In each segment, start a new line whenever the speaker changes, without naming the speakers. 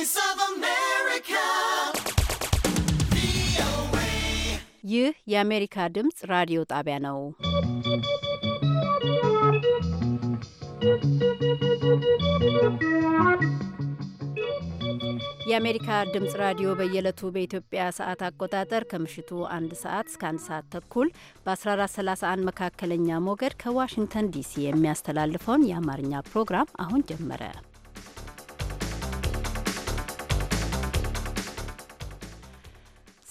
Voice of America.
ይህ የአሜሪካ ድምፅ ራዲዮ ጣቢያ ነው። የአሜሪካ ድምፅ ራዲዮ በየዕለቱ በኢትዮጵያ ሰዓት አቆጣጠር ከምሽቱ አንድ ሰዓት እስከ አንድ ሰዓት ተኩል በ1431 መካከለኛ ሞገድ ከዋሽንግተን ዲሲ የሚያስተላልፈውን የአማርኛ ፕሮግራም አሁን ጀመረ።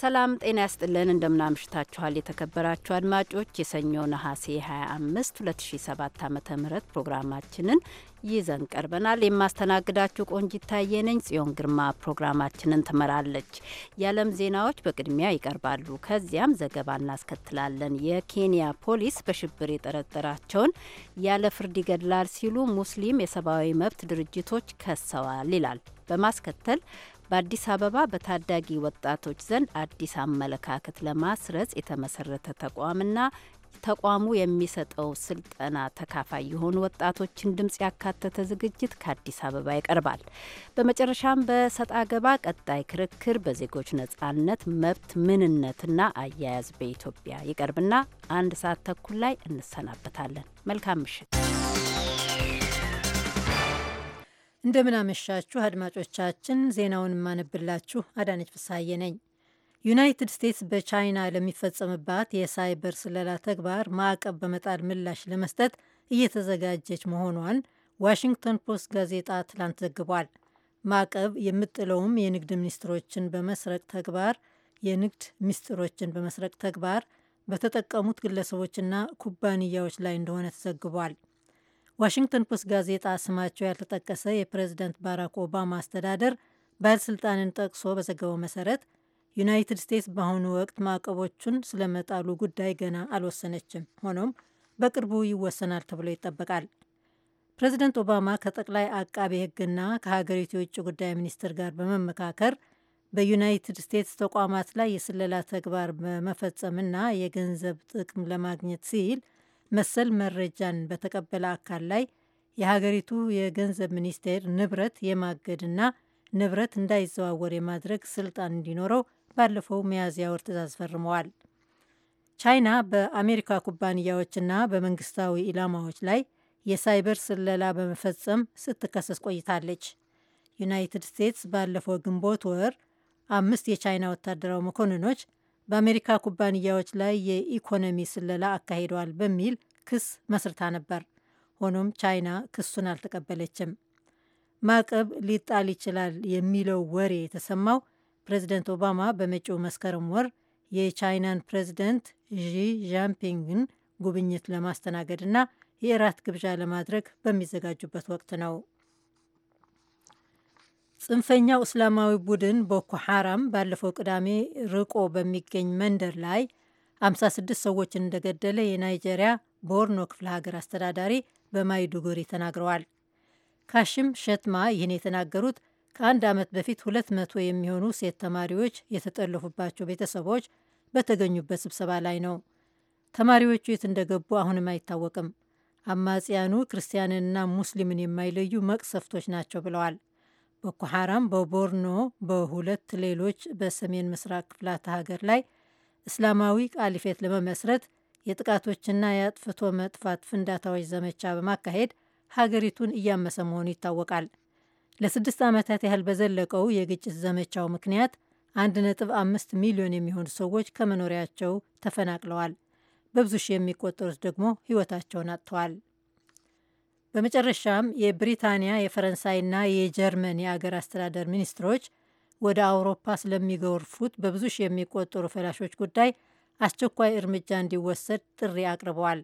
ሰላም ጤና ያስጥልን። እንደምናምሽታችኋል የተከበራችሁ አድማጮች የሰኞ ነሐሴ 25 2007 ዓ ም ፕሮግራማችንን ይዘን ቀርበናል። የማስተናግዳችሁ ቆንጂት ታዬ ነኝ። ጽዮን ግርማ ፕሮግራማችንን ትመራለች። የዓለም ዜናዎች በቅድሚያ ይቀርባሉ። ከዚያም ዘገባ እናስከትላለን። የኬንያ ፖሊስ በሽብር የጠረጠራቸውን ያለ ፍርድ ይገድላል ሲሉ ሙስሊም የሰብአዊ መብት ድርጅቶች ከሰዋል ይላል። በማስከተል በአዲስ አበባ በታዳጊ ወጣቶች ዘንድ አዲስ አመለካከት ለማስረጽ የተመሰረተ ተቋምና ተቋሙ የሚሰጠው ስልጠና ተካፋይ የሆኑ ወጣቶችን ድምጽ ያካተተ ዝግጅት ከአዲስ አበባ ይቀርባል። በመጨረሻም በሰጥ አገባ ቀጣይ ክርክር በዜጎች ነጻነት መብት ምንነትና አያያዝ በኢትዮጵያ ይቀርብና አንድ ሰዓት ተኩል ላይ እንሰናበታለን። መልካም ምሽት።
እንደምናመሻችሁ አድማጮቻችን። ዜናውን የማነብላችሁ አዳነች ፍሳዬ ነኝ። ዩናይትድ ስቴትስ በቻይና ለሚፈጸምባት የሳይበር ስለላ ተግባር ማዕቀብ በመጣል ምላሽ ለመስጠት እየተዘጋጀች መሆኗን ዋሽንግተን ፖስት ጋዜጣ ትላንት ዘግቧል። ማዕቀብ የምጥለውም የንግድ ሚኒስትሮችን በመስረቅ ተግባር የንግድ ሚስጥሮችን በመስረቅ ተግባር በተጠቀሙት ግለሰቦችና ኩባንያዎች ላይ እንደሆነ ተዘግቧል። ዋሽንግተን ፖስት ጋዜጣ ስማቸው ያልተጠቀሰ የፕሬዝደንት ባራክ ኦባማ አስተዳደር ባለስልጣንን ጠቅሶ በዘገበው መሰረት ዩናይትድ ስቴትስ በአሁኑ ወቅት ማዕቀቦቹን ስለመጣሉ ጉዳይ ገና አልወሰነችም። ሆኖም በቅርቡ ይወሰናል ተብሎ ይጠበቃል። ፕሬዝደንት ኦባማ ከጠቅላይ አቃቤ ሕግና ከሀገሪቱ የውጭ ጉዳይ ሚኒስትር ጋር በመመካከር በዩናይትድ ስቴትስ ተቋማት ላይ የስለላ ተግባር በመፈጸምና የገንዘብ ጥቅም ለማግኘት ሲል መሰል መረጃን በተቀበለ አካል ላይ የሀገሪቱ የገንዘብ ሚኒስቴር ንብረት የማገድና ንብረት እንዳይዘዋወር የማድረግ ስልጣን እንዲኖረው ባለፈው ሚያዝያ ወር ትእዛዝ ፈርመዋል። ቻይና በአሜሪካ ኩባንያዎችና በመንግስታዊ ኢላማዎች ላይ የሳይበር ስለላ በመፈጸም ስትከሰስ ቆይታለች። ዩናይትድ ስቴትስ ባለፈው ግንቦት ወር አምስት የቻይና ወታደራዊ መኮንኖች በአሜሪካ ኩባንያዎች ላይ የኢኮኖሚ ስለላ አካሂደዋል በሚል ክስ መስርታ ነበር። ሆኖም ቻይና ክሱን አልተቀበለችም። ማዕቀብ ሊጣል ይችላል የሚለው ወሬ የተሰማው ፕሬዚደንት ኦባማ በመጪው መስከረም ወር የቻይናን ፕሬዚደንት ዢ ዣንፒንግን ጉብኝት ለማስተናገድና የእራት ግብዣ ለማድረግ በሚዘጋጁበት ወቅት ነው። ጽንፈኛው እስላማዊ ቡድን ቦኮ ሐራም ባለፈው ቅዳሜ ርቆ በሚገኝ መንደር ላይ 56 ሰዎችን እንደገደለ የናይጄሪያ ቦርኖ ክፍለ ሀገር አስተዳዳሪ በማይዱጉሪ ተናግረዋል። ካሽም ሸትማ ይህን የተናገሩት ከአንድ ዓመት በፊት 200 የሚሆኑ ሴት ተማሪዎች የተጠለፉባቸው ቤተሰቦች በተገኙበት ስብሰባ ላይ ነው። ተማሪዎቹ የት እንደገቡ አሁንም አይታወቅም። አማጽያኑ ክርስቲያንንና ሙስሊምን የማይለዩ መቅሰፍቶች ናቸው ብለዋል። ቦኮ ሐራም በቦርኖ በሁለት ሌሎች በሰሜን ምስራቅ ክፍላተ ሀገር ላይ እስላማዊ ቃሊፌት ለመመስረት የጥቃቶችና የአጥፍቶ መጥፋት ፍንዳታዎች ዘመቻ በማካሄድ ሀገሪቱን እያመሰ መሆኑ ይታወቃል። ለስድስት ዓመታት ያህል በዘለቀው የግጭት ዘመቻው ምክንያት አምስት ሚሊዮን የሚሆኑ ሰዎች ከመኖሪያቸው ተፈናቅለዋል። በብዙ ሺህ የሚቆጠሩት ደግሞ ሕይወታቸውን አጥተዋል። በመጨረሻም የብሪታንያ የፈረንሳይና የጀርመን የአገር አስተዳደር ሚኒስትሮች ወደ አውሮፓ ስለሚጎርፉት በብዙ ሺህ የሚቆጠሩ ፈላሾች ጉዳይ አስቸኳይ እርምጃ እንዲወሰድ ጥሪ አቅርበዋል።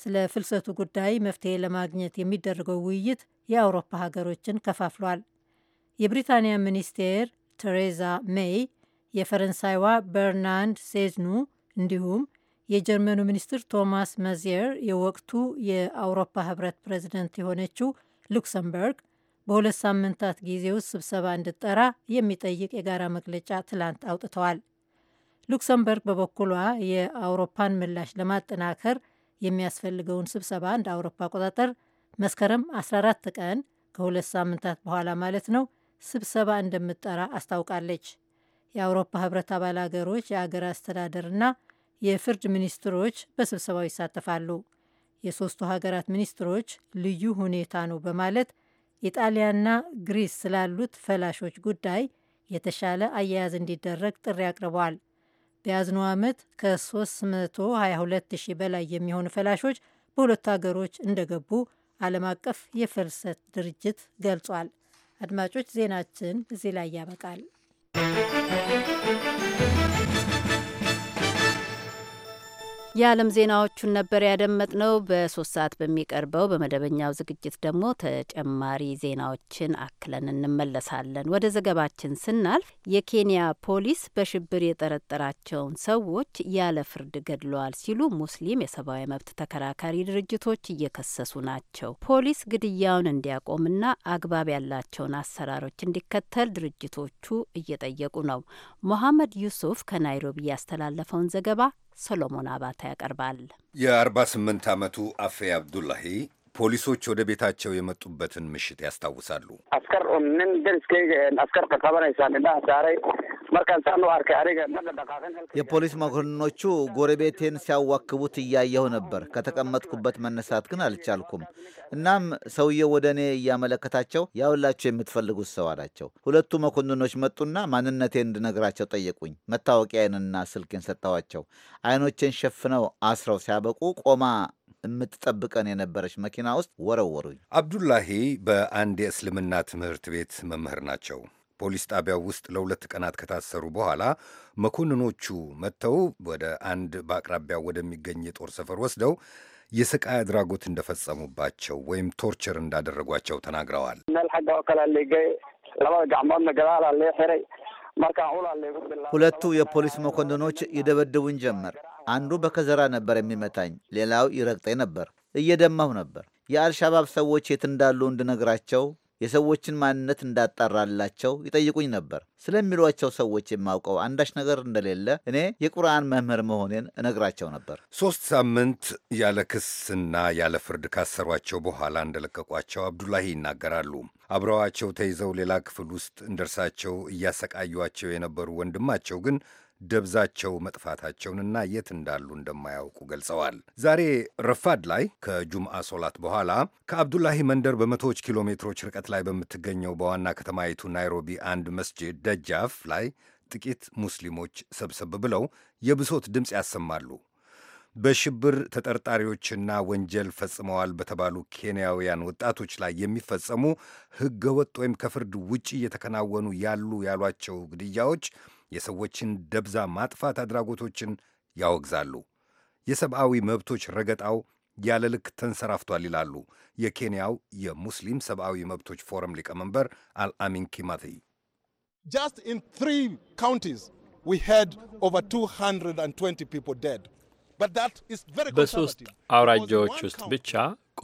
ስለ ፍልሰቱ ጉዳይ መፍትሄ ለማግኘት የሚደረገው ውይይት የአውሮፓ ሀገሮችን ከፋፍሏል። የብሪታንያ ሚኒስቴር ቴሬዛ ሜይ፣ የፈረንሳይዋ በርናንድ ሴዝኑ እንዲሁም የጀርመኑ ሚኒስትር ቶማስ መዚየር የወቅቱ የአውሮፓ ህብረት ፕሬዚደንት የሆነችው ሉክሰምበርግ በሁለት ሳምንታት ጊዜ ውስጥ ስብሰባ እንድጠራ የሚጠይቅ የጋራ መግለጫ ትላንት አውጥተዋል። ሉክሰምበርግ በበኩሏ የአውሮፓን ምላሽ ለማጠናከር የሚያስፈልገውን ስብሰባ እንደ አውሮፓ አቆጣጠር መስከረም 14 ቀን ከሁለት ሳምንታት በኋላ ማለት ነው ስብሰባ እንደምትጠራ አስታውቃለች። የአውሮፓ ህብረት አባል አገሮች የአገር አስተዳደርና የፍርድ ሚኒስትሮች በስብሰባው ይሳተፋሉ። የሶስቱ ሀገራት ሚኒስትሮች ልዩ ሁኔታ ነው በማለት ኢጣሊያና ግሪስ ስላሉት ፈላሾች ጉዳይ የተሻለ አያያዝ እንዲደረግ ጥሪ አቅርበዋል። በያዝነው ዓመት ከ322 ሺህ በላይ የሚሆኑ ፈላሾች በሁለቱ ሀገሮች እንደገቡ ዓለም አቀፍ የፍልሰት ድርጅት ገልጿል። አድማጮች ዜናችን
እዚህ ላይ ያበቃል። የዓለም ዜናዎቹን ነበር ያደመጥነው። በሶስት ሰዓት በሚቀርበው በመደበኛው ዝግጅት ደግሞ ተጨማሪ ዜናዎችን አክለን እንመለሳለን። ወደ ዘገባችን ስናልፍ የኬንያ ፖሊስ በሽብር የጠረጠራቸውን ሰዎች ያለ ፍርድ ገድለዋል ሲሉ ሙስሊም የሰብአዊ መብት ተከራካሪ ድርጅቶች እየከሰሱ ናቸው። ፖሊስ ግድያውን እንዲያቆምና አግባብ ያላቸውን አሰራሮች እንዲከተል ድርጅቶቹ እየጠየቁ ነው። ሞሐመድ ዩሱፍ ከናይሮቢ ያስተላለፈውን ዘገባ ሰሎሞን አባታ ያቀርባል።
የ48 ዓመቱ አፌ አብዱላሂ ፖሊሶች ወደ ቤታቸው የመጡበትን ምሽት ያስታውሳሉ።
የፖሊስ መኮንኖቹ ጎረቤቴን ሲያዋክቡት እያየሁ ነበር። ከተቀመጥኩበት መነሳት ግን አልቻልኩም። እናም ሰውየው ወደ እኔ እያመለከታቸው ያውላቸው የምትፈልጉት ሰው አላቸው። ሁለቱ መኮንኖች መጡና ማንነቴን እንድነግራቸው ጠየቁኝ። መታወቂያዬንና ስልኬን ሰጠኋቸው።
አይኖቼን ሸፍነው አስረው ሲያበቁ ቆማ የምትጠብቀን የነበረች መኪና ውስጥ ወረወሩኝ። አብዱላሂ በአንድ የእስልምና ትምህርት ቤት መምህር ናቸው። ፖሊስ ጣቢያው ውስጥ ለሁለት ቀናት ከታሰሩ በኋላ መኮንኖቹ መጥተው ወደ አንድ በአቅራቢያው ወደሚገኝ የጦር ሰፈር ወስደው የስቃይ አድራጎት እንደፈጸሙባቸው ወይም ቶርቸር እንዳደረጓቸው ተናግረዋል።
ሁለቱ የፖሊስ መኮንኖች ይደበድቡኝ ጀመር። አንዱ በከዘራ ነበር የሚመታኝ፣ ሌላው ይረግጠኝ ነበር። እየደማሁ ነበር። የአልሻባብ ሰዎች የት እንዳሉ እንድነግራቸው የሰዎችን ማንነት እንዳጣራላቸው ይጠይቁኝ ነበር። ስለሚሏቸው ሰዎች የማውቀው አንዳች ነገር እንደሌለ እኔ የቁርአን መምህር መሆኔን እነግራቸው ነበር።
ሦስት ሳምንት ያለ ክስና ያለ ፍርድ ካሰሯቸው በኋላ እንደለቀቋቸው አብዱላሂ ይናገራሉ። አብረዋቸው ተይዘው ሌላ ክፍል ውስጥ እንደርሳቸው እያሰቃዩቸው የነበሩ ወንድማቸው ግን ደብዛቸው መጥፋታቸውንና የት እንዳሉ እንደማያውቁ ገልጸዋል። ዛሬ ረፋድ ላይ ከጁምአ ሶላት በኋላ ከአብዱላሂ መንደር በመቶዎች ኪሎ ሜትሮች ርቀት ላይ በምትገኘው በዋና ከተማይቱ ናይሮቢ አንድ መስጅድ ደጃፍ ላይ ጥቂት ሙስሊሞች ሰብሰብ ብለው የብሶት ድምፅ ያሰማሉ። በሽብር ተጠርጣሪዎችና ወንጀል ፈጽመዋል በተባሉ ኬንያውያን ወጣቶች ላይ የሚፈጸሙ ሕገወጥ ወይም ከፍርድ ውጪ እየተከናወኑ ያሉ ያሏቸው ግድያዎች የሰዎችን ደብዛ ማጥፋት አድራጎቶችን ያወግዛሉ። የሰብአዊ መብቶች ረገጣው ያለ ልክ ተንሰራፍቷል ይላሉ የኬንያው የሙስሊም ሰብአዊ መብቶች ፎረም ሊቀመንበር አልአሚን ኪማቴይ። ጃስት ኢን ትሪ ካውንቲስ ዊ ሄድ ኦቨር 220
ፒፕል ዴድ በሶስት
አውራጃዎች ውስጥ ብቻ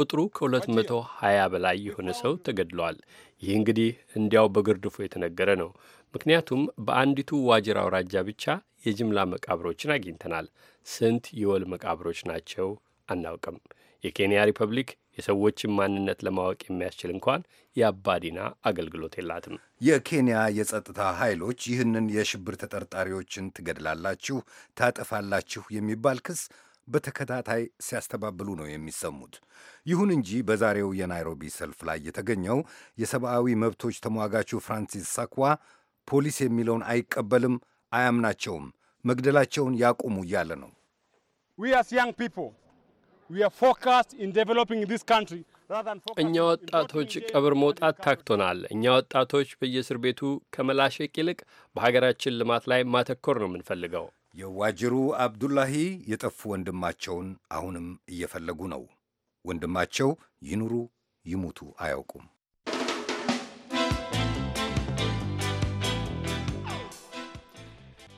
ቁጥሩ ከ220 በላይ የሆነ ሰው ተገድሏል። ይህ እንግዲህ እንዲያው በግርድፉ የተነገረ ነው። ምክንያቱም በአንዲቱ ዋጅር አውራጃ ብቻ የጅምላ መቃብሮችን አግኝተናል። ስንት የወል መቃብሮች ናቸው አናውቅም። የኬንያ ሪፐብሊክ የሰዎችን ማንነት ለማወቅ የሚያስችል እንኳን የአባዲና አገልግሎት የላትም።
የኬንያ የጸጥታ ኃይሎች ይህንን የሽብር ተጠርጣሪዎችን ትገድላላችሁ፣ ታጠፋላችሁ የሚባል ክስ በተከታታይ ሲያስተባብሉ ነው የሚሰሙት። ይሁን እንጂ በዛሬው የናይሮቢ ሰልፍ ላይ የተገኘው የሰብአዊ መብቶች ተሟጋቹ ፍራንሲስ ሳኳ ፖሊስ የሚለውን አይቀበልም፣ አያምናቸውም፣ መግደላቸውን ያቁሙ እያለ ነው።
እኛ ወጣቶች ቀብር መውጣት ታክቶናል። እኛ ወጣቶች በየእስር ቤቱ ከመላሸቅ ይልቅ በሀገራችን ልማት ላይ ማተኮር ነው የምንፈልገው።
የዋጅሩ አብዱላሂ የጠፉ ወንድማቸውን አሁንም እየፈለጉ ነው። ወንድማቸው ይኑሩ ይሙቱ አያውቁም።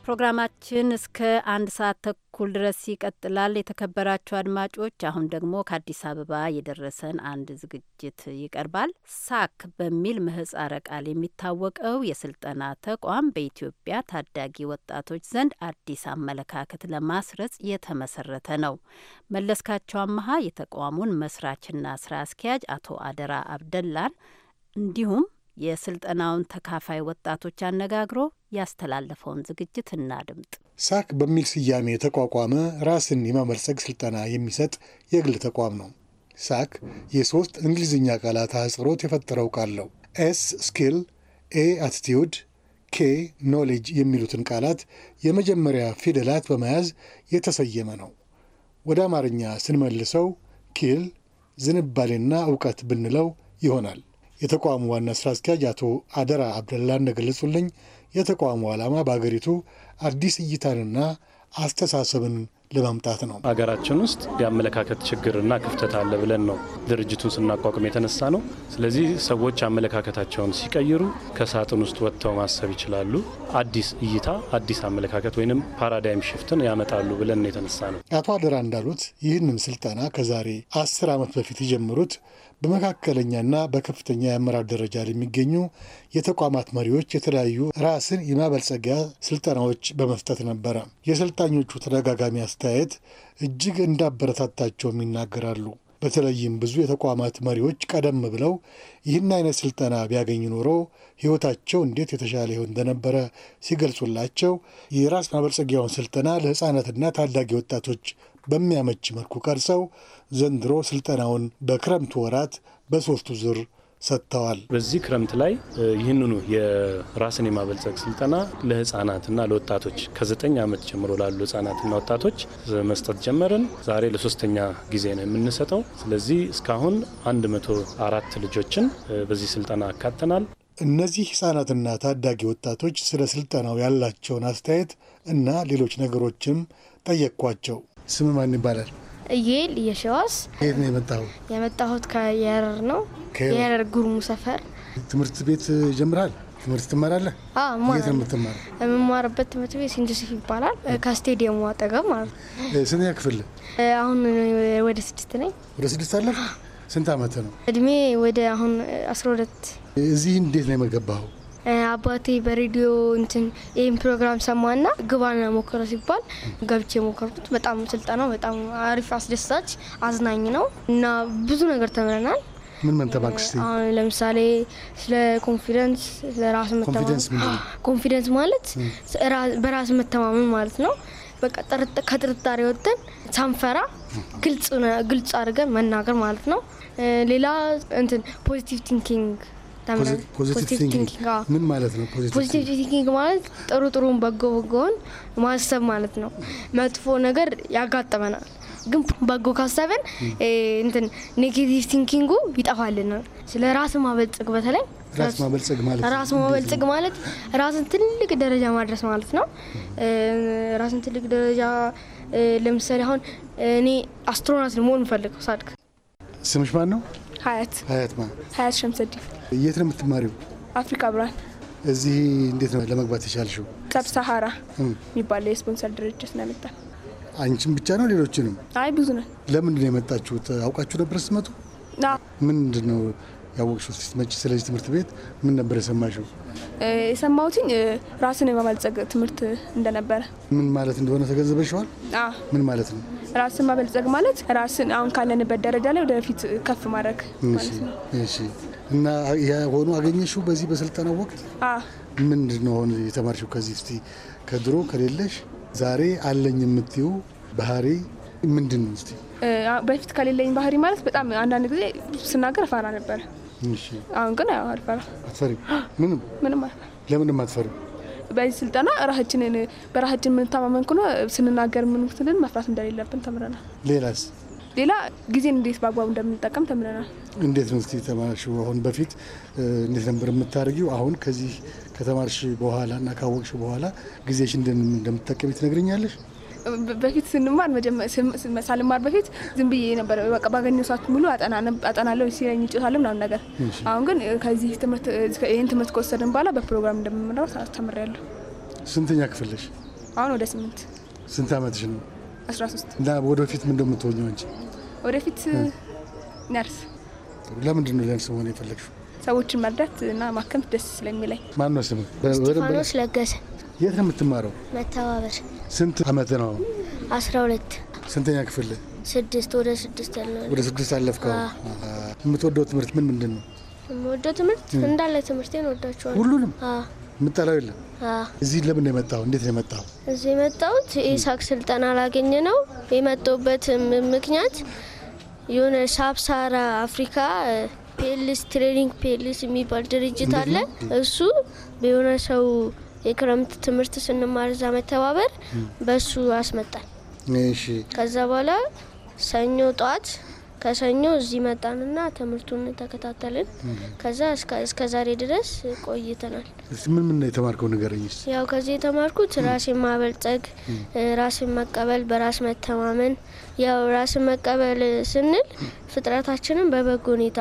ፕሮግራማችን እስከ አንድ ሰዓት ተኩል ድረስ ይቀጥላል። የተከበራችሁ አድማጮች፣ አሁን ደግሞ ከአዲስ አበባ የደረሰን አንድ ዝግጅት ይቀርባል። ሳክ በሚል ምህጻረ ቃል የሚታወቀው የስልጠና ተቋም በኢትዮጵያ ታዳጊ ወጣቶች ዘንድ አዲስ አመለካከት ለማስረጽ የተመሰረተ ነው። መለስካቸው አመሀ የተቋሙን መስራችና ስራ አስኪያጅ አቶ አደራ አብደላን እንዲሁም የስልጠናውን ተካፋይ ወጣቶች አነጋግሮ ያስተላለፈውን ዝግጅት እናድምጥ።
ሳክ በሚል ስያሜ የተቋቋመ ራስን የማመልፀግ ስልጠና የሚሰጥ የግል ተቋም ነው። ሳክ የሶስት እንግሊዝኛ ቃላት አህጽሮት የፈጠረው ቃል ነው። ኤስ ስኪል፣ ኤ አቲቲዩድ፣ ኬ ኖሌጅ የሚሉትን ቃላት የመጀመሪያ ፊደላት በመያዝ የተሰየመ ነው። ወደ አማርኛ ስንመልሰው ኪል ዝንባሌና እውቀት ብንለው ይሆናል። የተቋሙ ዋና ስራ አስኪያጅ አቶ አደራ አብደላ እንደገለጹልኝ የተቋሙ ዓላማ በአገሪቱ አዲስ እይታንና አስተሳሰብን ለማምጣት ነው።
ሀገራችን ውስጥ የአመለካከት ችግርና ክፍተት አለ ብለን ነው ድርጅቱን ስናቋቁም የተነሳ ነው። ስለዚህ ሰዎች አመለካከታቸውን ሲቀይሩ ከሳጥን ውስጥ ወጥተው ማሰብ ይችላሉ። አዲስ እይታ፣ አዲስ አመለካከት ወይም ፓራዳይም ሽፍትን ያመጣሉ
ብለን ነው የተነሳ ነው። አቶ አደራ እንዳሉት ይህንን ስልጠና ከዛሬ አስር ዓመት በፊት የጀመሩት በመካከለኛና በከፍተኛ የአመራር ደረጃ የሚገኙ የተቋማት መሪዎች የተለያዩ ራስን የማበልጸጊያ ስልጠናዎች በመስጠት ነበረ። የሰልጣኞቹ ተደጋጋሚ አስተያየት እጅግ እንዳበረታታቸውም ይናገራሉ። በተለይም ብዙ የተቋማት መሪዎች ቀደም ብለው ይህን አይነት ስልጠና ቢያገኝ ኖሮ ሕይወታቸው እንዴት የተሻለ ይሆን እንደነበረ ሲገልጹላቸው የራስ ማበልጸጊያውን ስልጠና ለሕፃናትና ታዳጊ ወጣቶች በሚያመች መልኩ ቀርጸው ዘንድሮ ስልጠናውን በክረምቱ ወራት በሶስቱ ዙር ሰጥተዋል።
በዚህ ክረምት ላይ ይህንኑ የራስን የማበልጸግ ስልጠና ለህጻናትና ለወጣቶች ከዘጠኝ ዓመት ጀምሮ ላሉ ህጻናትና ወጣቶች መስጠት ጀመርን። ዛሬ ለሶስተኛ ጊዜ ነው የምንሰጠው። ስለዚህ እስካሁን አንድ መቶ አራት ልጆችን በዚህ ስልጠና አካተናል።
እነዚህ ህጻናትና ታዳጊ ወጣቶች ስለ ስልጠናው ያላቸውን አስተያየት እና ሌሎች ነገሮችም ጠየቅኳቸው። ስም ማን ይባላል?
እየል እየሸዋስ። ከየት ነው የመጣሁ? የመጣሁት ከየረር ነው፣ የረር ጉርሙ ሰፈር።
ትምህርት ቤት ጀምራል? ትምህርት ትማራለህ?
የት ነው የምትማር? የምማርበት ትምህርት ቤት ሴንት ይባላል፣ ከስቴዲየሙ አጠገብ ማለት
ነው። ስንተኛ ክፍል?
አሁን ወደ ስድስት ነኝ።
ወደ ስድስት አለፍ። ስንት አመት ነው?
እድሜ ወደ አሁን አስራ ሁለት።
እዚህ እንዴት ነው የመገባኸው?
አባቴ በሬዲዮ እንትን ይህን ፕሮግራም ሰማና ግባና ሞክረ ሲባል ገብቼ የሞከርኩት በጣም ስልጠናው በጣም አሪፍ፣ አስደሳች፣ አዝናኝ ነው እና ብዙ ነገር ተምረናል።
ምን ምን አሁን
ለምሳሌ ስለ ኮንፊደንስ፣ ስለ ራስ መተማመን። ኮንፊደንስ ማለት በራስ መተማመን ማለት ነው። በቃ ከጥርጣሬ ወጥተን ሳንፈራ ግልጽ አድርገን መናገር ማለት ነው። ሌላ እንትን ፖዚቲቭ ቲንኪንግ ፖዚቲቭ ቲንኪንግ ምን ማለት ነው? ፖዚቲቭ ቲንኪንግ ማለት ጥሩ ጥሩን በጎ በጎውን ማሰብ ማለት ነው። መጥፎ ነገር ያጋጠመናል፣ ግን በጎ ካሰብን እንትን ኔጌቲቭ ቲንኪንጉ ይጠፋልናል። ስለ ራስ ማበልጽግ በተለይ ራስ
ማበልጽግ ማለት
ራስ ማለት ራስን ትልቅ ደረጃ ማድረስ ማለት ነው። ራስን ትልቅ ደረጃ ለምሳሌ አሁን እኔ አስትሮናት መሆን እንፈልገው ሳድግ ስምሽ ማን ነው? ሀያት ሀያት ማ ሀያት ሸምሰዲ።
የት ነው የምትማሪው? አፍሪካ ብራን እዚህ እንዴት ነው ለመግባት የቻልሽው?
ሰብ ሰሃራ የሚባለ የስፖንሰር ድርጅት ነው የመጣ
አንቺም ብቻ ነው ሌሎችንም? አይ ብዙ ነን ለምንድን ነው የመጣችሁት? አውቃችሁ ነበር ስትመጡ? ምንድን ነው ያወቅሽው ስትመጪ? ስለዚህ ትምህርት ቤት ምን ነበር የሰማሽው?
የሰማሁትኝ ራስን የማበልጸግ ትምህርት እንደነበረ።
ምን ማለት እንደሆነ ተገንዝበሽዋል? ምን ማለት ነው?
ራስን ማበልጸግ ማለት ራስን አሁን ካለንበት ደረጃ ላይ ወደፊት ከፍ ማድረግ ማለት ነው።
እና የሆኑ አገኘሽው በዚህ በስልጠናው ወቅት ምንድን ነው የተማርሽው? ከዚህ እስቲ ከድሮ ከሌለሽ ዛሬ አለኝ የምትይው ባህሪ ምንድን ነው? እስቲ
በፊት ከሌለኝ ባህሪ ማለት በጣም አንዳንድ ጊዜ ስናገር ፈራ ነበረ አሁን ግን ምንም ምንም ለምንም በዚህ ስልጠና ራሳችንን በራሳችን የምንተማመን ከሆነ ስንናገር ምንክትልን መፍራት እንደሌለብን ተምረናል። ሌላስ? ሌላ ጊዜን እንዴት በአግባቡ እንደምንጠቀም ተምረናል።
እንዴት ነው እስኪ አሁን በፊት እንዴት ነበር የምታደርጊው? አሁን ከዚህ ከተማርሽ በኋላ እና ካወቅሽ በኋላ ጊዜሽ እንደምትጠቀሚ ትነግርኛለሽ?
በፊት ስንማር ሳልማር በፊት ዝም ብዬ ነበር። በቃ ባገኘው ሰዓት ሙሉ አጠናለሁ ሲለኝ ይጮታል ምናምን ነገር። አሁን ግን ከዚህ ይህን ትምህርት ከወሰድን በኋላ በፕሮግራም እንደምመራው አስተምሬያለሁ።
ስንተኛ ክፍልሽ? አሁን ወደ ስምንት። ስንት አመትሽ ነው? አስራ ሶስት እና ወደፊት ምን እንደምትሆኚው አንቺ?
ወደፊት ነርስ።
ለምንድን ነው ነርስ መሆን የፈለግሽው?
ሰዎችን መርዳት እና ማከምት ደስ ስለሚለኝ።
ማን ነው ስም? እስጢፋኖስ ለገሰ የት ነው የምትማረው?
መተባበር።
ስንት አመት ነው? አስራ ሁለት ስንተኛ ክፍል?
ስድስት ወደ ስድስት ያለ ወደ ስድስት
አለፍከው። የምትወደው ትምህርት ምን ምንድን ነው?
የምወደው ትምህርት እንዳለ ትምህርቴን ወዳቸዋል። ሁሉንም
የምጠላው የለም። እዚህ ለምን የመጣው? እንዴት ነው የመጣው?
እዚህ የመጣሁት ኢሳክ ስልጠና አላገኘ ነው የመጣሁበት ምክንያት የሆነ ሳብሳራ አፍሪካ ፔልስ ትሬኒንግ ፔልስ የሚባል ድርጅት አለ። እሱ የሆነ ሰው የክረምት ትምህርት ስንማር እዛ መተባበር በሱ አስመጣል። ከዛ በኋላ ሰኞ ጠዋት ከሰኞ እዚህ መጣንና ትምህርቱን ተከታተልን። ከዛ እስከ ዛሬ ድረስ ቆይተናል።
ምን ምን የተማርከው ነገር?
ያው ከዚህ የተማርኩት ራሴን ማበልጸግ፣ ራስን መቀበል፣ በራስ መተማመን። ያው ራስን መቀበል ስንል ፍጥረታችንን በበጎ ሁኔታ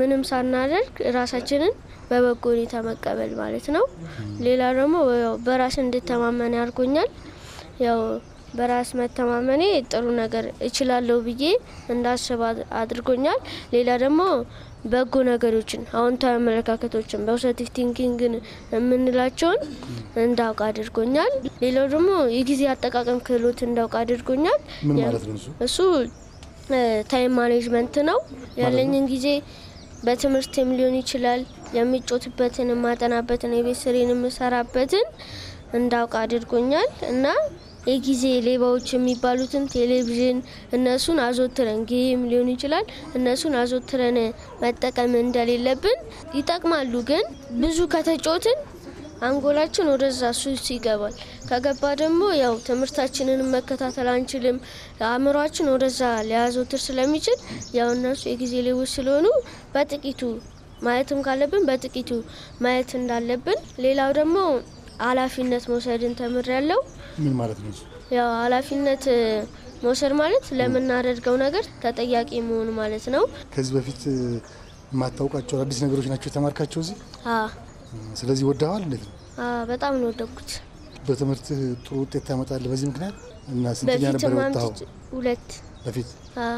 ምንም ሳናደርግ ራሳችንን በበጎ ሁኔታ መቀበል ማለት ነው። ሌላ ደግሞ በራስ እንድተማመን ያርጎኛል ያው በራስ መተማመኔ ጥሩ ነገር እችላለሁ ብዬ እንዳስብ አድርጎኛል። ሌላ ደግሞ በጎ ነገሮችን፣ አዎንታዊ አመለካከቶችን፣ ፖዘቲቭ ቲንኪንግን የምንላቸውን እንዳውቅ አድርጎኛል። ሌላው ደግሞ የጊዜ አጠቃቀም ክህሎት እንዳውቅ አድርጎኛል። እሱ ታይም ማኔጅመንት ነው። ያለኝን ጊዜ በትምህርትም ሊሆን ይችላል የሚጮትበትን የማጠናበትን የቤት ስሬን የምሰራበትን እንዳውቅ አድርጎኛል እና የጊዜ ሌባዎች የሚባሉትም ቴሌቪዥን እነሱን አዘወትረን ጌም ሊሆን ይችላል እነሱን አዘወትረን መጠቀም እንደሌለብን ይጠቅማሉ። ግን ብዙ ከተጮትን አንጎላችን ወደዛ ሱስ ይገባል። ከገባ ደግሞ ያው ትምህርታችንን መከታተል አንችልም። አእምሯችን ወደዛ ሊያዘወትር ስለሚችል ያው እነሱ የጊዜ ሌቦች ስለሆኑ በጥቂቱ ማየትም ካለብን በጥቂቱ ማየት እንዳለብን። ሌላው ደግሞ ኃላፊነት መውሰድን ተምር ያለው ምን ማለት ነው? ያው ኃላፊነት መውሰድ ማለት ለምናደርገው ነገር ተጠያቂ መሆን ማለት ነው።
ከዚህ በፊት የማታውቃቸው አዳዲስ ነገሮች ናቸው የተማርካቸው እዚህ። ስለዚህ ወደዋል? እንዴት ነው?
በጣም ነው ወደኩት።
በትምህርት ጥሩ ውጤት ታመጣለህ በዚህ ምክንያት እና ስንተኛ ነበር የወጣኸው? ሁለት በፊት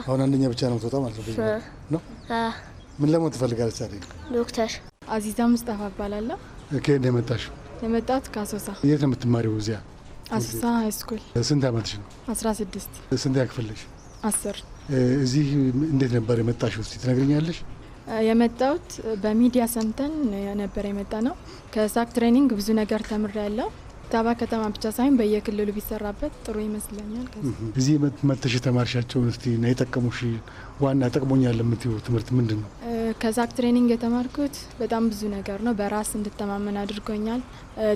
አሁን አንደኛ ብቻ ነው ተወጣ ማለት ነው። ምን ለመሆን ትፈልጋለች? ዛሬ
ዶክተር አዚዛ ሙስጣፋ እባላለሁ።
ከየት ነው የመጣሽው?
የመጣሁት ከአሶሳ።
የት ነው የምትማሪው? እዚያ አስሳ ሃይስኩል። ስንት አመትሽ ነው?
አስራ ስድስት ስንት ያክፍልሽ? አስር
እዚህ እንዴት ነበር የመጣሽ ውስጥ ትነግርኛለሽ?
የመጣሁት በሚዲያ ሰምተን ነበር የመጣ ነው። ከሳክ ትሬኒንግ ብዙ ነገር ተምሬያለሁ። ታባ ከተማ ብቻ ሳይሆን በየክልሉ ቢሰራበት ጥሩ ይመስለኛል።
እዚህ መተሽ የተማርሻቸውን እስቲ ና የጠቀሙሽ ዋና ጠቅሞኛል የምትይው ትምህርት ምንድን ነው?
ከዛክ ትሬኒንግ የተማርኩት በጣም ብዙ ነገር ነው። በራስ እንድተማመን አድርጎኛል።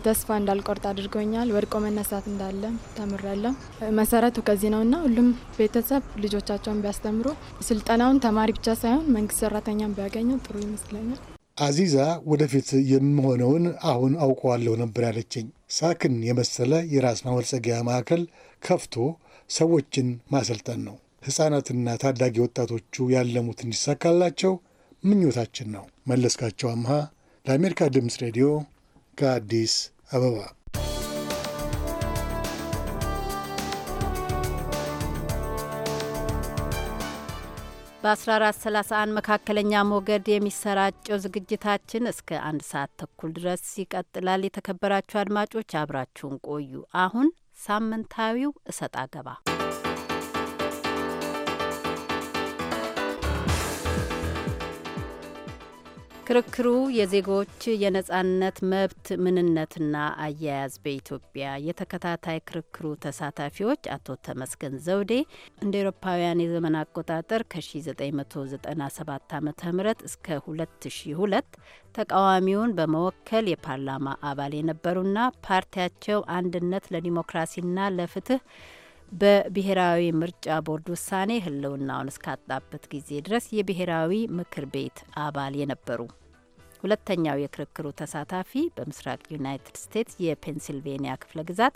ተስፋ እንዳልቆርጥ አድርጎኛል። ወድቆ መነሳት እንዳለ ተምሬያለሁ። መሰረቱ ከዚህ ነው እና ሁሉም ቤተሰብ ልጆቻቸውን ቢያስተምሩ ስልጠናውን ተማሪ ብቻ ሳይሆን መንግስት ሰራተኛን ቢያገኘው ጥሩ ይመስለኛል።
አዚዛ ወደፊት የምሆነውን አሁን አውቀዋለሁ ነበር ያለችኝ። ሳክን የመሰለ የራስ ማበልጸጊያ ማዕከል ከፍቶ ሰዎችን ማሰልጠን ነው። ሕፃናትና ታዳጊ ወጣቶቹ ያለሙት እንዲሳካላቸው ምኞታችን ነው። መለስካቸው አምሃ ለአሜሪካ ድምፅ ሬዲዮ ከአዲስ አበባ
በ1431 መካከለኛ ሞገድ የሚሰራጨው ዝግጅታችን እስከ አንድ ሰዓት ተኩል ድረስ ይቀጥላል። የተከበራችሁ አድማጮች አብራችሁን ቆዩ። አሁን ሳምንታዊው እሰጥ አገባ ክርክሩ የዜጎች የነጻነት መብት ምንነትና አያያዝ በኢትዮጵያ የተከታታይ ክርክሩ ተሳታፊዎች አቶ ተመስገን ዘውዴ እንደ ኤሮፓውያን የዘመን አቆጣጠር ከ1997 ዓ ም እስከ 2002 ተቃዋሚውን በመወከል የፓርላማ አባል የነበሩና ፓርቲያቸው አንድነት ለዲሞክራሲና ለፍትህ በብሔራዊ ምርጫ ቦርድ ውሳኔ ህልውናውን እስካጣበት ጊዜ ድረስ የብሔራዊ ምክር ቤት አባል የነበሩ ሁለተኛው የክርክሩ ተሳታፊ በምስራቅ ዩናይትድ ስቴትስ የፔንሲልቬንያ ክፍለ ግዛት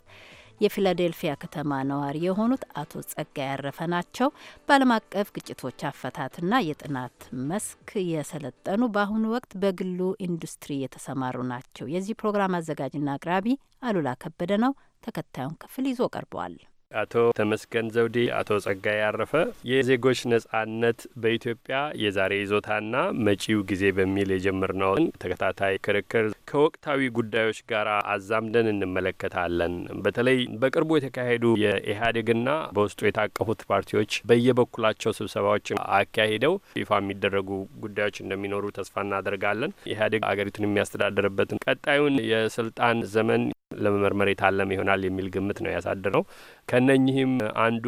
የፊላዴልፊያ ከተማ ነዋሪ የሆኑት አቶ ጸጋ ያረፈ ናቸው። በዓለም አቀፍ ግጭቶች አፈታትና የጥናት መስክ የሰለጠኑ በአሁኑ ወቅት በግሉ ኢንዱስትሪ የተሰማሩ ናቸው። የዚህ ፕሮግራም አዘጋጅና አቅራቢ አሉላ ከበደ ነው። ተከታዩን ክፍል ይዞ ቀርበዋል።
አቶ ተመስገን ዘውዴ፣ አቶ ጸጋይ ያረፈ የዜጎች ነጻነት በኢትዮጵያ የዛሬ ይዞታና መጪው ጊዜ በሚል የጀመርነውን ተከታታይ ክርክር ከወቅታዊ ጉዳዮች ጋር አዛምደን እንመለከታለን። በተለይ በቅርቡ የተካሄዱ የኢህአዴግና በውስጡ የታቀፉት ፓርቲዎች በየበኩላቸው ስብሰባዎች አካሂደው ይፋ የሚደረጉ ጉዳዮች እንደሚኖሩ ተስፋ እናደርጋለን። ኢህአዴግ አገሪቱን የሚያስተዳድርበትን ቀጣዩን የስልጣን ዘመን ለመመርመር የታለመ ይሆናል የሚል ግምት ነው ያሳደረው። ከእነኚህም አንዱ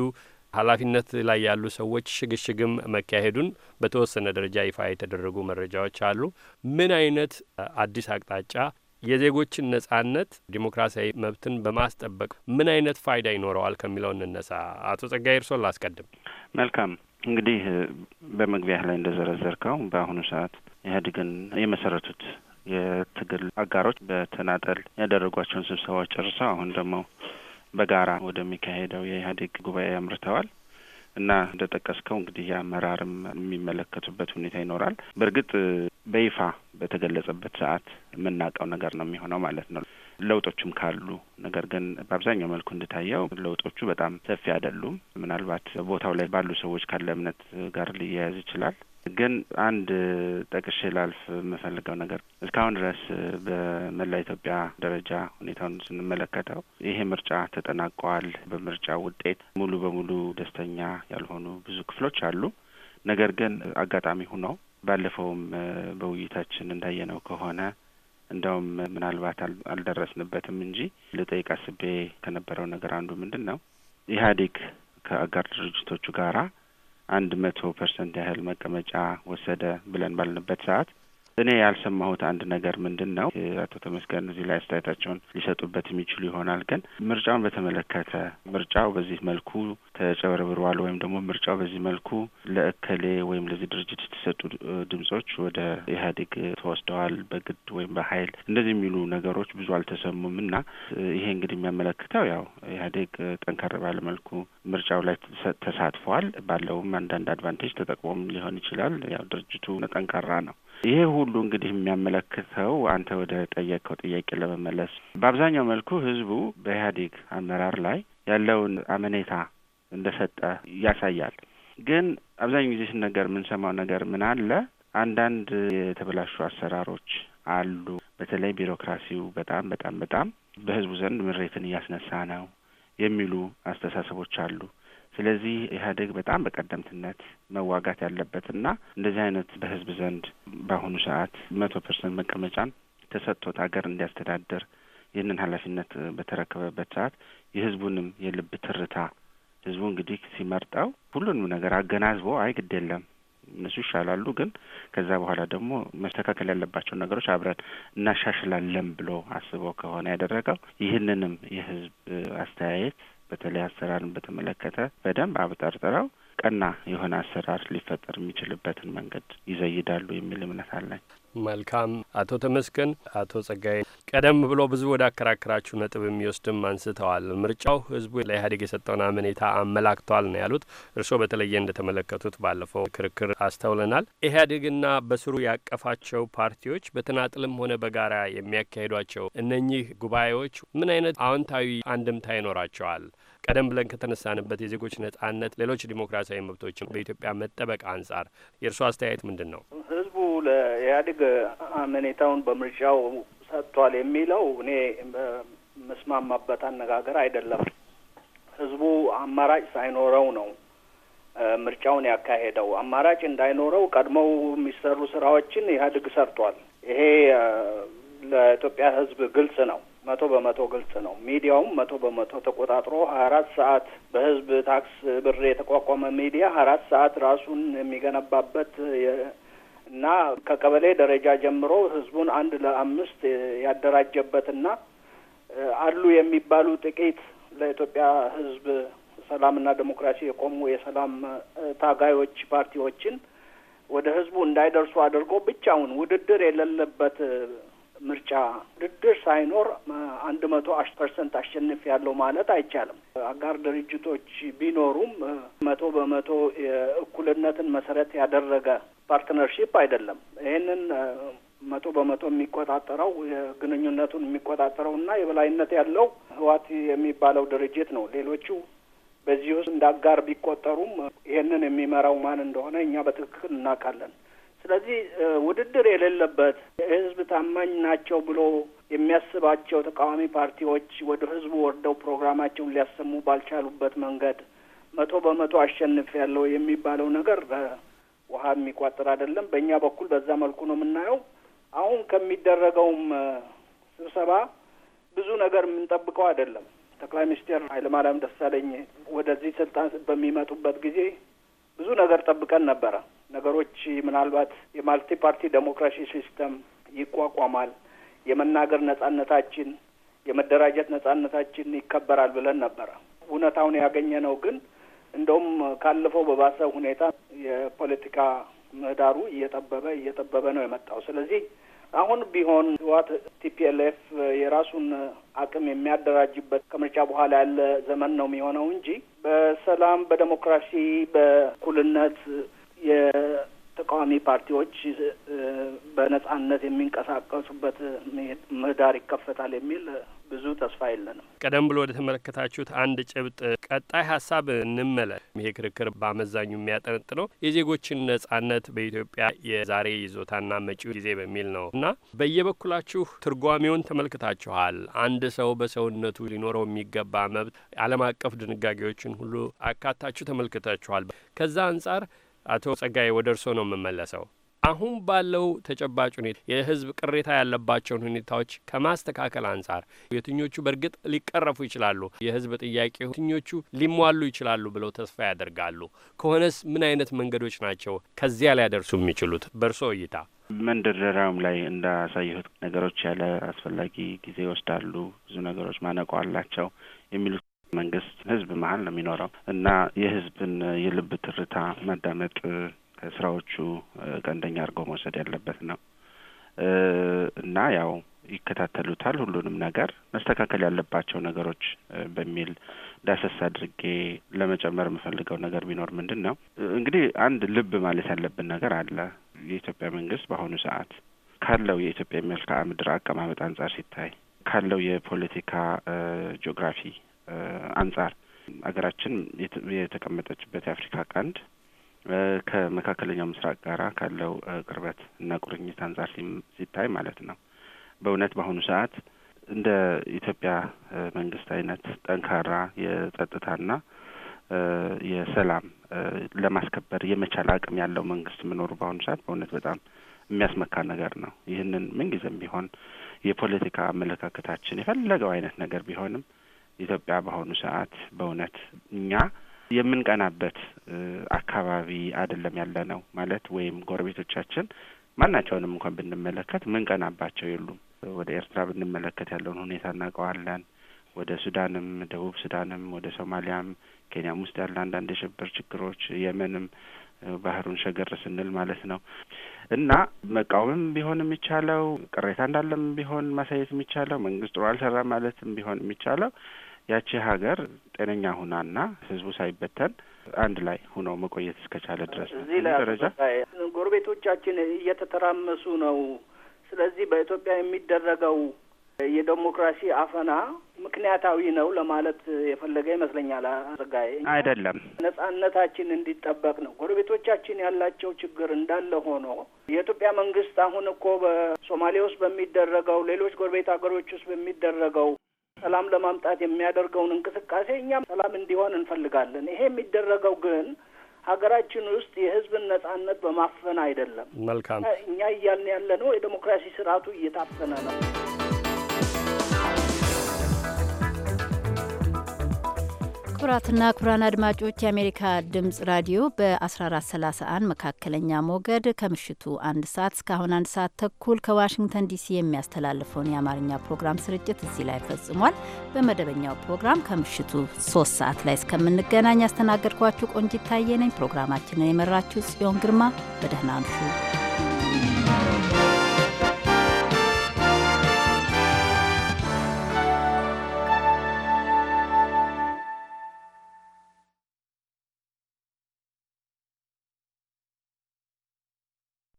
ኃላፊነት ላይ ያሉ ሰዎች ሽግሽግም መካሄዱን በተወሰነ ደረጃ ይፋ የተደረጉ መረጃዎች አሉ። ምን አይነት አዲስ አቅጣጫ የዜጎችን ነጻነት፣ ዲሞክራሲያዊ መብትን በማስጠበቅ ምን አይነት ፋይዳ ይኖረዋል ከሚለው እንነሳ። አቶ ጸጋይ እርስዎን ላስቀድም።
መልካም እንግዲህ በመግቢያ ላይ እንደዘረዘርከው በአሁኑ ሰዓት ኢህአዴግን የመሰረቱት የትግል አጋሮች በተናጠል ያደረጓቸውን ስብሰባዎች ጨርሰው አሁን ደግሞ በጋራ ወደሚካሄደው የኢህአዴግ ጉባኤ አምርተዋል እና እንደ ጠቀስከው እንግዲህ የአመራርም የሚመለከቱበት ሁኔታ ይኖራል። በእርግጥ በይፋ በተገለጸበት ሰዓት የምናውቀው ነገር ነው የሚሆነው ማለት ነው። ለውጦችም ካሉ ነገር ግን በአብዛኛው መልኩ እንድታየው ለውጦቹ በጣም ሰፊ አይደሉም። ምናልባት ቦታው ላይ ባሉ ሰዎች ካለ እምነት ጋር ሊያያዝ ይችላል። ግን አንድ ጠቅሼ ላልፍ የምፈልገው ነገር እስካሁን ድረስ በመላ ኢትዮጵያ ደረጃ ሁኔታውን ስንመለከተው ይሄ ምርጫ ተጠናቀዋል። በምርጫ ውጤት ሙሉ በሙሉ ደስተኛ ያልሆኑ ብዙ ክፍሎች አሉ። ነገር ግን አጋጣሚ ሁነው ባለፈውም በውይይታችን እንዳየነው ከሆነ እንደውም ምናልባት አልደረስንበትም እንጂ ልጠይቅ አስቤ ከነበረው ነገር አንዱ ምንድን ነው ኢህአዴግ ከአጋር ድርጅቶቹ ጋራ አንድ መቶ ፐርሰንት ያህል መቀመጫ ወሰደ ብለን ባልንበት ሰዓት እኔ ያልሰማሁት አንድ ነገር ምንድን ነው፣ አቶ ተመስገን እዚህ ላይ አስተያየታቸውን ሊሰጡበት የሚችሉ ይሆናል። ግን ምርጫውን በተመለከተ ምርጫው በዚህ መልኩ ተጨበርብሯል ወይም ደግሞ ምርጫው በዚህ መልኩ ለእከሌ ወይም ለዚህ ድርጅት የተሰጡ ድምጾች ወደ ኢህአዴግ ተወስደዋል በግድ ወይም በኃይል እንደዚህ የሚሉ ነገሮች ብዙ አልተሰሙም እና ይሄ እንግዲህ የሚያመለክተው ያው ኢህአዴግ ጠንከር ባለ መልኩ ምርጫው ላይ ተሳትፏል። ባለውም አንዳንድ አድቫንቴጅ ተጠቅሞም ሊሆን ይችላል። ያው ድርጅቱ ጠንካራ ነው። ይሄ ሁሉ እንግዲህ የሚያመለክተው አንተ ወደ ጠየቀው ጥያቄ ለመመለስ በአብዛኛው መልኩ ህዝቡ በኢህአዴግ አመራር ላይ ያለውን አመኔታ እንደሰጠ ያሳያል። ግን አብዛኛው ጊዜ ሲነገር የምንሰማው ነገር ምን አለ? አንዳንድ የተበላሹ አሰራሮች አሉ። በተለይ ቢሮክራሲው በጣም በጣም በጣም በህዝቡ ዘንድ ምሬትን እያስነሳ ነው የሚሉ አስተሳሰቦች አሉ። ስለዚህ ኢህአዴግ በጣም በቀደምትነት መዋጋት ያለበትና እንደዚህ አይነት በህዝብ ዘንድ በአሁኑ ሰዓት መቶ ፐርሰንት መቀመጫን ተሰጥቶት አገር እንዲያስተዳደር ይህንን ኃላፊነት በተረከበበት ሰዓት የህዝቡንም የልብ ትርታ ህዝቡ እንግዲህ ሲመርጠው ሁሉንም ነገር አገናዝቦ አይ ግድ የለም እነሱ ይሻላሉ፣ ግን ከዛ በኋላ ደግሞ መስተካከል ያለባቸውን ነገሮች አብረን እናሻሽላለን ብሎ አስቦ ከሆነ ያደረገው ይህንንም የህዝብ አስተያየት በተለይ አሰራርን በተመለከተ በደንብ አብጠርጥረው ቀና የሆነ አሰራር ሊፈጠር የሚችልበትን መንገድ ይዘይዳሉ የሚል እምነት አለን።
መልካም አቶ ተመስገን። አቶ ጸጋዬ ቀደም ብሎ ብዙ ወደ አከራከራችሁ ነጥብ የሚወስድም አንስተዋል። ምርጫው ህዝቡ ለኢህአዴግ የሰጠውን አመኔታ አመላክቷል ነው ያሉት። እርስዎ በተለየ እንደተመለከቱት ባለፈው ክርክር አስተውለናል። ኢህአዴግና በስሩ ያቀፋቸው ፓርቲዎች በተናጥልም ሆነ በጋራ የሚያካሂዷቸው እነኚህ ጉባኤዎች ምን አይነት አዎንታዊ አንድምታ ይኖራቸዋል? ቀደም ብለን ከተነሳንበት የዜጎች ነጻነት፣ ሌሎች ዲሞክራሲያዊ መብቶችም በኢትዮጵያ መጠበቅ አንጻር የእርሱ አስተያየት ምንድን ነው?
ህዝቡ ለኢህአዴግ አመኔታውን በምርጫው ሰጥቷል የሚለው እኔ መስማማበት አነጋገር አይደለም። ህዝቡ አማራጭ ሳይኖረው ነው ምርጫውን ያካሄደው። አማራጭ እንዳይኖረው ቀድሞው የሚሰሩ ስራዎችን ኢህአዴግ ሰርቷል። ይሄ ለኢትዮጵያ ህዝብ ግልጽ ነው። መቶ በመቶ ግልጽ ነው። ሚዲያውም መቶ በመቶ ተቆጣጥሮ ሀያ አራት ሰዓት በህዝብ ታክስ ብር የተቋቋመ ሚዲያ ሀያ አራት ሰዓት ራሱን የሚገነባበት እና ከቀበሌ ደረጃ ጀምሮ ህዝቡን አንድ ለአምስት ያደራጀበትና አሉ የሚባሉ ጥቂት ለኢትዮጵያ ህዝብ ሰላምና ዴሞክራሲ የቆሙ የሰላም ታጋዮች ፓርቲዎችን ወደ ህዝቡ እንዳይደርሱ አድርጎ ብቻውን ውድድር የሌለበት ምርጫ ውድድር ሳይኖር አንድ መቶ አሽ ፐርሰንት አሸንፍ ያለው ማለት አይቻልም። አጋር ድርጅቶች ቢኖሩም መቶ በመቶ እኩልነትን መሰረት ያደረገ ፓርትነርሺፕ አይደለም። ይህንን መቶ በመቶ የሚቆጣጠረው ግንኙነቱን የሚቆጣጠረው እና የበላይነት ያለው ህዋት የሚባለው ድርጅት ነው። ሌሎቹ በዚህ ውስጥ እንደ አጋር ቢቆጠሩም ይህንን የሚመራው ማን እንደሆነ እኛ በትክክል እናውቃለን። ስለዚህ ውድድር የሌለበት የህዝብ ታማኝ ናቸው ብሎ የሚያስባቸው ተቃዋሚ ፓርቲዎች ወደ ህዝቡ ወርደው ፕሮግራማቸውን ሊያሰሙ ባልቻሉበት መንገድ መቶ በመቶ አሸንፍ ያለው የሚባለው ነገር ውሃ የሚቋጥር አይደለም። በእኛ በኩል በዛ መልኩ ነው የምናየው። አሁን ከሚደረገውም ስብሰባ ብዙ ነገር የምንጠብቀው አይደለም። ጠቅላይ ሚኒስትር ኃይለማርያም ደሳለኝ ወደዚህ ስልጣን በሚመጡበት ጊዜ ብዙ ነገር ጠብቀን ነበረ። ነገሮች ምናልባት የማልቲ ፓርቲ ዴሞክራሲ ሲስተም ይቋቋማል፣ የመናገር ነጻነታችን፣ የመደራጀት ነጻነታችን ይከበራል ብለን ነበረ። እውነታውን ያገኘ ነው ግን እንደውም ካለፈው በባሰ ሁኔታ የፖለቲካ ምህዳሩ እየጠበበ እየጠበበ ነው የመጣው። ስለዚህ አሁን ቢሆን ህወሓት ቲፒኤልኤፍ የራሱን አቅም የሚያደራጅበት ከምርጫ በኋላ ያለ ዘመን ነው የሚሆነው እንጂ በሰላም፣ በዴሞክራሲ፣ በእኩልነት ተቃዋሚ ፓርቲዎች በነጻነት የሚንቀሳቀሱበት ምህዳር ይከፈታል የሚል ብዙ ተስፋ የለንም።
ቀደም ብሎ ወደ ተመለከታችሁት አንድ ጭብጥ ቀጣይ ሀሳብ እንመለ ይሄ ክርክር በአመዛኙ የሚያጠነጥነው የዜጎችን ነጻነት በኢትዮጵያ የዛሬ ይዞታና መጪው ጊዜ በሚል ነው እና በየበኩላችሁ ትርጓሜውን ተመልክታችኋል። አንድ ሰው በሰውነቱ ሊኖረው የሚገባ መብት ዓለም አቀፍ ድንጋጌዎችን ሁሉ አካታችሁ ተመልክታችኋል። ከዛ አንጻር አቶ ጸጋዬ ወደ እርስዎ ነው የምመለሰው። አሁን ባለው ተጨባጭ ሁኔታ የህዝብ ቅሬታ ያለባቸውን ሁኔታዎች ከማስተካከል አንጻር የትኞቹ በእርግጥ ሊቀረፉ ይችላሉ? የህዝብ ጥያቄ የትኞቹ ሊሟሉ ይችላሉ ብለው ተስፋ ያደርጋሉ? ከሆነስ ምን አይነት መንገዶች ናቸው ከዚያ ሊያደርሱ የሚችሉት በእርስዎ እይታ?
መንደርደሪያውም ላይ እንዳሳየሁት ነገሮች ያለ አስፈላጊ ጊዜ ይወስዳሉ፣ ብዙ ነገሮች ማነቆ አላቸው የሚሉት መንግስት ህዝብ መሀል ነው የሚኖረው እና የህዝብን የልብ ትርታ ማዳመጥ ከስራዎቹ ቀንደኛ አድርጎ መውሰድ ያለበት ነው እና ያው ይከታተሉታል ሁሉንም ነገር መስተካከል ያለባቸው ነገሮች በሚል ዳሰስ አድርጌ ለመጨመር የምፈልገው ነገር ቢኖር ምንድን ነው እንግዲህ አንድ ልብ ማለት ያለብን ነገር አለ። የኢትዮጵያ መንግስት በአሁኑ ሰዓት ካለው የኢትዮጵያ መልክዓ ምድር አቀማመጥ አንጻር ሲታይ ካለው የፖለቲካ ጂኦግራፊ አንጻር አገራችን የተቀመጠችበት የአፍሪካ ቀንድ ከመካከለኛው ምስራቅ ጋራ ካለው ቅርበት እና ቁርኝት አንጻር ሲታይ ማለት ነው። በእውነት በአሁኑ ሰዓት እንደ ኢትዮጵያ መንግስት አይነት ጠንካራ የጸጥታና የሰላም ለማስከበር የመቻል አቅም ያለው መንግስት መኖሩ በአሁኑ ሰዓት በእውነት በጣም የሚያስመካ ነገር ነው። ይህንን ምንጊዜም ቢሆን የፖለቲካ አመለካከታችን የፈለገው አይነት ነገር ቢሆንም ኢትዮጵያ በአሁኑ ሰዓት በእውነት እኛ የምንቀናበት አካባቢ አይደለም ያለ ነው ማለት ወይም ጎረቤቶቻችን ማናቸውንም እንኳን ብንመለከት ምንቀናባቸው የሉም። ወደ ኤርትራ ብንመለከት ያለውን ሁኔታ እናውቀዋለን። ወደ ሱዳንም፣ ደቡብ ሱዳንም፣ ወደ ሶማሊያም፣ ኬንያም ውስጥ ያለ አንዳንድ የሽብር ችግሮች፣ የመንም ባህሩን ሸገር ስንል ማለት ነው እና መቃወምም ቢሆን የሚቻለው ቅሬታ እንዳለም ቢሆን ማሳየት የሚቻለው መንግስት ጥሩ አልሰራም ማለትም ቢሆን የሚቻለው ያቺ ሀገር ጤነኛ ሁናና ህዝቡ ሳይበተን አንድ ላይ ሆኖ መቆየት እስከቻለ ድረስ እዚህ ላይ ደረጃ
ጎረቤቶቻችን እየተተራመሱ ነው። ስለዚህ በኢትዮጵያ የሚደረገው የዴሞክራሲ አፈና ምክንያታዊ ነው ለማለት የፈለገ ይመስለኛል። አርጋይ አይደለም፣ ነጻነታችን እንዲጠበቅ ነው። ጎረቤቶቻችን ያላቸው ችግር እንዳለ ሆኖ የኢትዮጵያ መንግስት አሁን እኮ በሶማሌ ውስጥ በሚደረገው ሌሎች ጎረቤት ሀገሮች ውስጥ በሚደረገው ሰላም ለማምጣት የሚያደርገውን እንቅስቃሴ እኛም ሰላም እንዲሆን እንፈልጋለን። ይሄ የሚደረገው ግን ሀገራችን ውስጥ የህዝብን ነጻነት በማፈን አይደለም። መልካም እኛ እያልን ያለ ነው። የዴሞክራሲ ስርዓቱ እየታፈነ ነው።
ክቡራትና ክቡራን አድማጮች የአሜሪካ ድምፅ ራዲዮ በ1431 መካከለኛ ሞገድ ከምሽቱ አንድ ሰዓት እስካሁን አንድ ሰዓት ተኩል ከዋሽንግተን ዲሲ የሚያስተላልፈውን የአማርኛ ፕሮግራም ስርጭት እዚህ ላይ ፈጽሟል። በመደበኛው ፕሮግራም ከምሽቱ ሶስት ሰዓት ላይ እስከምንገናኝ ያስተናገድኳችሁ ቆንጂት ታየ ነኝ። ፕሮግራማችንን የመራችሁ ጽዮን ግርማ። በደህና አምሹ።